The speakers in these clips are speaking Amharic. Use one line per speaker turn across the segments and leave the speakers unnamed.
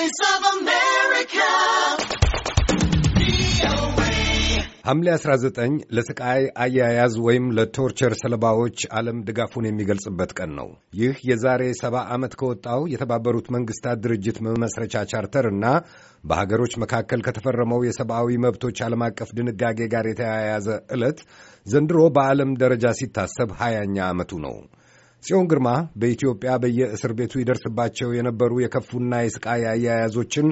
Voice of America. ሐምሌ 19 ለስቃይ አያያዝ ወይም ለቶርቸር ሰለባዎች ዓለም ድጋፉን የሚገልጽበት ቀን ነው። ይህ የዛሬ ሰባ ዓመት ከወጣው የተባበሩት መንግሥታት ድርጅት መመስረቻ ቻርተር እና በሀገሮች መካከል ከተፈረመው የሰብአዊ መብቶች ዓለም አቀፍ ድንጋጌ ጋር የተያያዘ ዕለት ዘንድሮ በዓለም ደረጃ ሲታሰብ ሀያኛ ዓመቱ ነው። ጽዮን ግርማ በኢትዮጵያ በየእስር ቤቱ ይደርስባቸው የነበሩ የከፉና የስቃይ አያያዞችን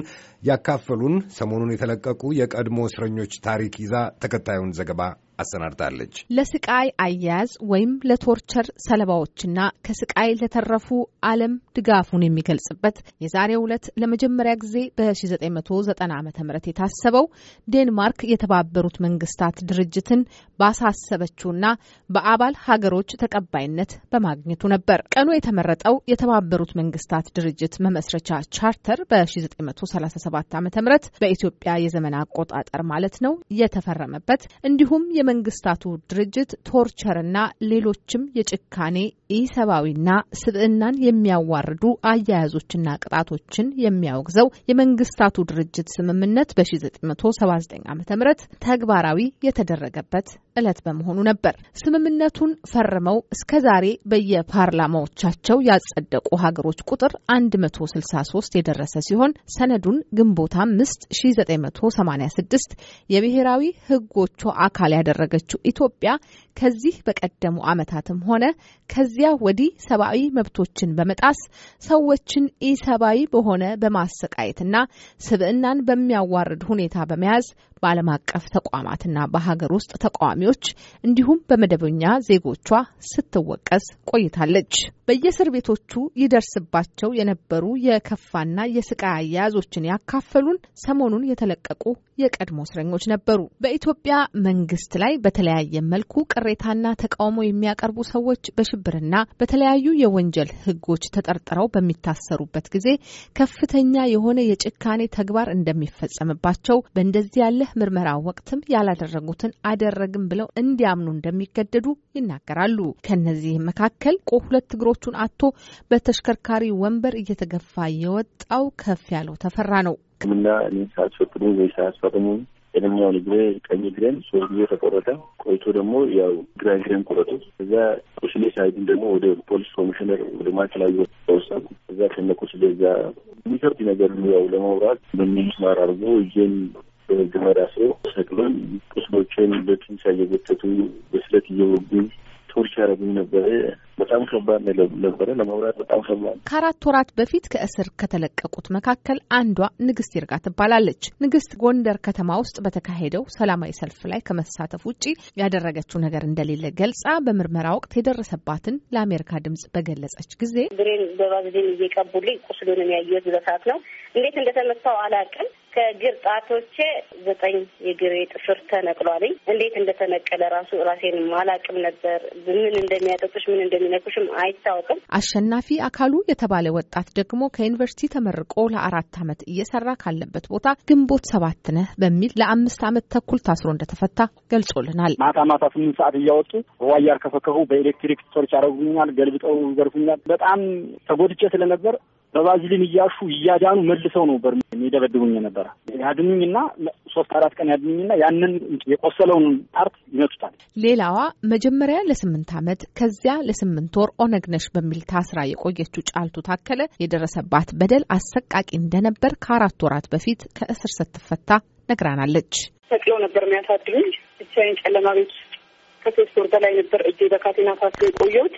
ያካፈሉን ሰሞኑን የተለቀቁ የቀድሞ እስረኞች ታሪክ ይዛ ተከታዩን ዘገባ አሰናድታለች። ለስቃይ አያያዝ ወይም ለቶርቸር ሰለባዎችና ከስቃይ ለተረፉ ዓለም ድጋፉን የሚገልጽበት የዛሬው ዕለት ለመጀመሪያ ጊዜ በ1990 ዓ ም የታሰበው ዴንማርክ የተባበሩት መንግስታት ድርጅትን ባሳሰበችውና በአባል ሀገሮች ተቀባይነት በማግኘቱ ነበር። ቀኑ የተመረጠው የተባበሩት መንግስታት ድርጅት መመስረቻ ቻርተር በ1937 ዓ ም በኢትዮጵያ የዘመን አቆጣጠር ማለት ነው የተፈረመበት እንዲሁም የመንግስታቱ ድርጅት ቶርቸርና ሌሎችም የጭካኔ ኢሰብአዊና ስብዕናን የሚያዋርዱ አያያዞችና ቅጣቶችን የሚያወግዘው የመንግስታቱ ድርጅት ስምምነት በ1979 ዓ ም ተግባራዊ የተደረገበት ዕለት በመሆኑ ነበር። ስምምነቱን ፈርመው እስከ ዛሬ በየፓርላማዎቻቸው ያጸደቁ ሀገሮች ቁጥር 163 የደረሰ ሲሆን ሰነዱን ግንቦት ምስጥ 1986 የብሔራዊ ህጎቹ አካል ያደረገችው ኢትዮጵያ ከዚህ በቀደሙ ዓመታትም ሆነ ከዚያ ወዲህ ሰብአዊ መብቶችን በመጣስ ሰዎችን ኢሰብአዊ በሆነ በማሰቃየትና ስብዕናን በሚያዋርድ ሁኔታ በመያዝ በዓለም አቀፍ ተቋማትና በሀገር ውስጥ ተቃዋሚዎች እንዲሁም በመደበኛ ዜጎቿ ስትወቀስ ቆይታለች። በየእስር ቤቶቹ ይደርስባቸው የነበሩ የከፋና የስቃይ አያያዞችን ያካፈሉን ሰሞኑን የተለቀቁ የቀድሞ እስረኞች ነበሩ። በኢትዮጵያ መንግስት ላይ በተለያየ መልኩ ቅሬታና ተቃውሞ የሚያቀርቡ ሰዎች በሽብርና እና በተለያዩ የወንጀል ህጎች ተጠርጥረው በሚታሰሩበት ጊዜ ከፍተኛ የሆነ የጭካኔ ተግባር እንደሚፈጸምባቸው በእንደዚህ ያለ ምርመራ ወቅትም ያላደረጉትን አደረግም ብለው እንዲያምኑ እንደሚገደዱ ይናገራሉ። ከነዚህም መካከል ቆ ሁለት እግሮቹን አጥቶ በተሽከርካሪ ወንበር እየተገፋ የወጣው ከፍ ያለው ተፈራ ነው። ሕክምና ሳያስፈቅዱ ወይ ሳያስፈቅሙ ቀደኛውን እግሬ ቀኝ እግሬን ሶስት ጊዜ ተቆረጠ። ቆይቶ ደግሞ ያው ግራ እግሬን ቆረጡ። እዛ ቁስሌ ሳይድን ደግሞ ወደ ፖሊስ ኮሚሽነር ወደ ማዕከላዊ ተወሰዱ። እዛ ከነ ቁስሌ እዛ የሚከብድ ነገር ያው ለመውራት በሚስማር አድርጎ እጄን በገመድ አስሮ ሰቅሎን ቁስሎችን በጥንቻ እየጎተቱ በስለት እየወጉኝ ቶርች ያደረጉኝ ነበረ። በጣም ከባድ ነበረ ለመብራት በጣም ከባድ። ከአራት ወራት በፊት ከእስር ከተለቀቁት መካከል አንዷ ንግስት ይርጋ ትባላለች። ንግስት ጎንደር ከተማ ውስጥ በተካሄደው ሰላማዊ ሰልፍ ላይ ከመሳተፍ ውጭ ያደረገችው ነገር እንደሌለ ገልጻ በምርመራ ወቅት የደረሰባትን ለአሜሪካ ድምጽ በገለጸች ጊዜ ብሬን በባዝዜን እየቀቡልኝ ቁስሉንም ያየሁት በሰዓት ነው። እንዴት እንደተመታው አላውቅም። ከእግር ጣቶቼ ዘጠኝ የግሬ ጥፍር ተነቅሏልኝ። እንዴት እንደተነቀለ ራሱ ራሴን አላቅም ነበር። ምን እንደሚያጠጡሽ ምን እንደሚነኩሽም አይታወቅም። አሸናፊ አካሉ የተባለ ወጣት ደግሞ ከዩኒቨርሲቲ ተመርቆ ለአራት ዓመት እየሰራ ካለበት ቦታ ግንቦት ሰባት ነህ በሚል ለአምስት ዓመት ተኩል ታስሮ እንደተፈታ ገልጾልናል። ማታ ማታ ስምንት ሰዓት እያወጡ ዋያር ከፈከፉ በኤሌክትሪክ ቶርች አረጉኛል። ገልብጠው ይገርፉኛል። በጣም ተጎድቼ ስለነበር በባዝሊን እያሹ እያዳኑ መልሰው ነበር ይደበድቡኝ ነበረ። ያድኑኝና ሶስት አራት ቀን ያድኑኝና ያንን የቆሰለውን ፓርት ይመቱታል። ሌላዋ መጀመሪያ ለስምንት ዓመት ከዚያ ለስምንት ወር ኦነግነሽ በሚል ታስራ የቆየችው ጫልቱ ታከለ የደረሰባት በደል አሰቃቂ እንደነበር ከአራት ወራት በፊት ከእስር ስትፈታ ነግራናለች። ሰቅለው ነበር የሚያሳድሩኝ ብቻዬን ጨለማ ቤት ከሶስት ወር በላይ ነበር እጄ በካቴና ፋስ የቆየሁት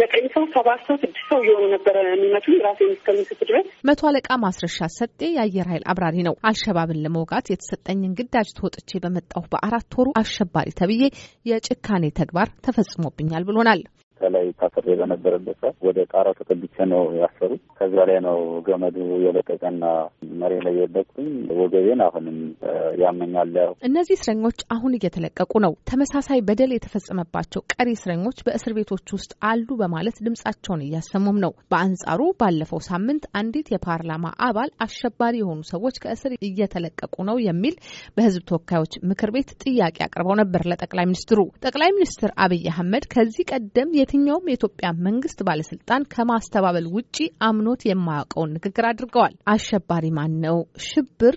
ዘጠኝ ሰው ሰባት ሰው ስድስት ሰው እየሆኑ ነበረ የሚመቱ ራሴ እስከሚስት ድረስ። መቶ አለቃ ማስረሻ ሰጤ የአየር ኃይል አብራሪ ነው። አልሸባብን ለመውጋት የተሰጠኝን ግዳጅ ተወጥቼ በመጣሁ በአራት ወሩ አሸባሪ ተብዬ የጭካኔ ተግባር ተፈጽሞብኛል ብሎናል። ከላይ ታስሬ በነበረበት ሰዓት ወደ ጣራው ተጠግቼ ነው ያሰሩት። ከዚያ ላይ ነው ገመዱ የለቀቀና መሬት ላይ የወደቅኩኝ። ወገቤን አሁንም ያመኛል። እነዚህ እስረኞች አሁን እየተለቀቁ ነው። ተመሳሳይ በደል የተፈጸመባቸው ቀሪ እስረኞች በእስር ቤቶች ውስጥ አሉ በማለት ድምጻቸውን እያሰሙም ነው። በአንጻሩ ባለፈው ሳምንት አንዲት የፓርላማ አባል አሸባሪ የሆኑ ሰዎች ከእስር እየተለቀቁ ነው የሚል በህዝብ ተወካዮች ምክር ቤት ጥያቄ አቅርበው ነበር ለጠቅላይ ሚኒስትሩ። ጠቅላይ ሚኒስትር አብይ አህመድ ከዚህ ቀደም የትኛውም የኢትዮጵያ መንግስት ባለስልጣን ከማስተባበል ውጪ አምኖት የማያውቀውን ንግግር አድርገዋል። አሸባሪ ማን ነው? ሽብር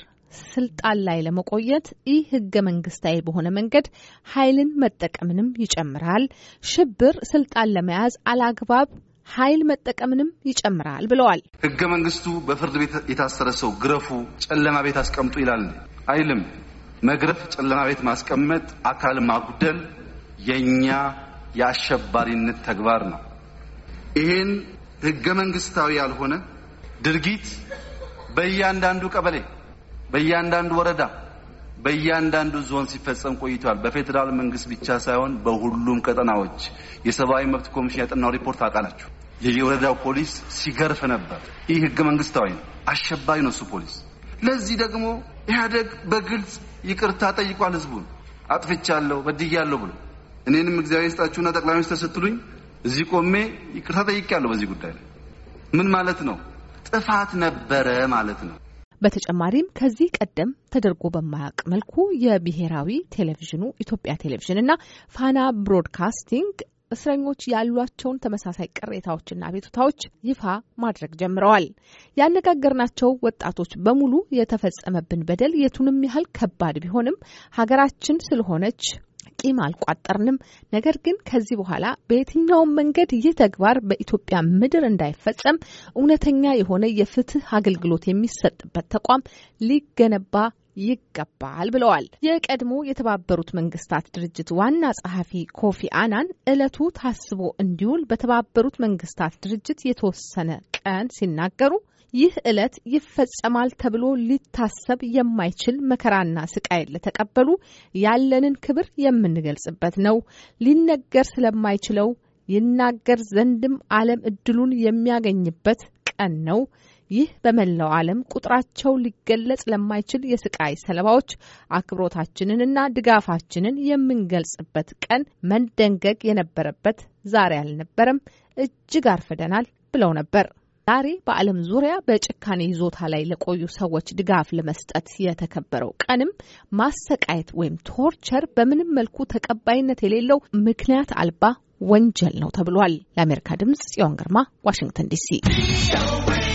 ስልጣን ላይ ለመቆየት ይህ ህገ መንግስታዊ በሆነ መንገድ ኃይልን መጠቀምንም ይጨምራል። ሽብር ስልጣን ለመያዝ አላግባብ ኃይል መጠቀምንም ይጨምራል ብለዋል። ህገ መንግስቱ በፍርድ ቤት የታሰረ ሰው ግረፉ፣ ጨለማ ቤት አስቀምጡ ይላል አይልም። መግረፍ፣ ጨለማ ቤት ማስቀመጥ፣ አካል ማጉደል የእኛ የአሸባሪነት ተግባር ነው። ይህን ህገ መንግስታዊ ያልሆነ ድርጊት በእያንዳንዱ ቀበሌ፣ በእያንዳንዱ ወረዳ፣ በእያንዳንዱ ዞን ሲፈጸም ቆይቷል። በፌዴራል መንግስት ብቻ ሳይሆን በሁሉም ቀጠናዎች የሰብአዊ መብት ኮሚሽን ያጠናው ሪፖርት አውቃላችሁ። የየወረዳው ፖሊስ ሲገርፍ ነበር። ይህ ህገ መንግስታዊ ነው። አሸባሪ ነው እሱ ፖሊስ። ለዚህ ደግሞ ኢህአደግ በግልጽ ይቅርታ ጠይቋል። ህዝቡን አጥፍቻለሁ በድያለሁ ብሎ እኔንም እግዚአብሔር ይስጣችሁና ጠቅላይ ሚኒስትር ስትሉኝ እዚህ ቆሜ ይቅርታ ጠይቄያለሁ። በዚህ ጉዳይ ላይ ምን ማለት ነው? ጥፋት ነበረ ማለት ነው። በተጨማሪም ከዚህ ቀደም ተደርጎ በማያውቅ መልኩ የብሔራዊ ቴሌቪዥኑ ኢትዮጵያ ቴሌቪዥን እና ፋና ብሮድካስቲንግ እስረኞች ያሏቸውን ተመሳሳይ ቅሬታዎችና አቤቱታዎች ይፋ ማድረግ ጀምረዋል። ያነጋገርናቸው ወጣቶች በሙሉ የተፈጸመብን በደል የቱንም ያህል ከባድ ቢሆንም ሀገራችን ስለሆነች ቂም አልቋጠርንም። ነገር ግን ከዚህ በኋላ በየትኛውም መንገድ ይህ ተግባር በኢትዮጵያ ምድር እንዳይፈጸም እውነተኛ የሆነ የፍትህ አገልግሎት የሚሰጥበት ተቋም ሊገነባ ይገባል ብለዋል። የቀድሞ የተባበሩት መንግስታት ድርጅት ዋና ጸሐፊ ኮፊ አናን እለቱ ታስቦ እንዲውል በተባበሩት መንግስታት ድርጅት የተወሰነ ቀን ሲናገሩ ይህ ዕለት ይፈጸማል ተብሎ ሊታሰብ የማይችል መከራና ስቃይ ለተቀበሉ ያለንን ክብር የምንገልጽበት ነው። ሊነገር ስለማይችለው ይናገር ዘንድም ዓለም እድሉን የሚያገኝበት ቀን ነው። ይህ በመላው ዓለም ቁጥራቸው ሊገለጽ ለማይችል የስቃይ ሰለባዎች አክብሮታችንንና ድጋፋችንን የምንገልጽበት ቀን መደንገግ የነበረበት ዛሬ አልነበረም፣ እጅግ አርፍደናል ብለው ነበር። ዛሬ በዓለም ዙሪያ በጭካኔ ይዞታ ላይ ለቆዩ ሰዎች ድጋፍ ለመስጠት የተከበረው ቀንም ማሰቃየት ወይም ቶርቸር በምንም መልኩ ተቀባይነት የሌለው ምክንያት አልባ ወንጀል ነው ተብሏል። ለአሜሪካ ድምጽ ጽዮን ግርማ ዋሽንግተን ዲሲ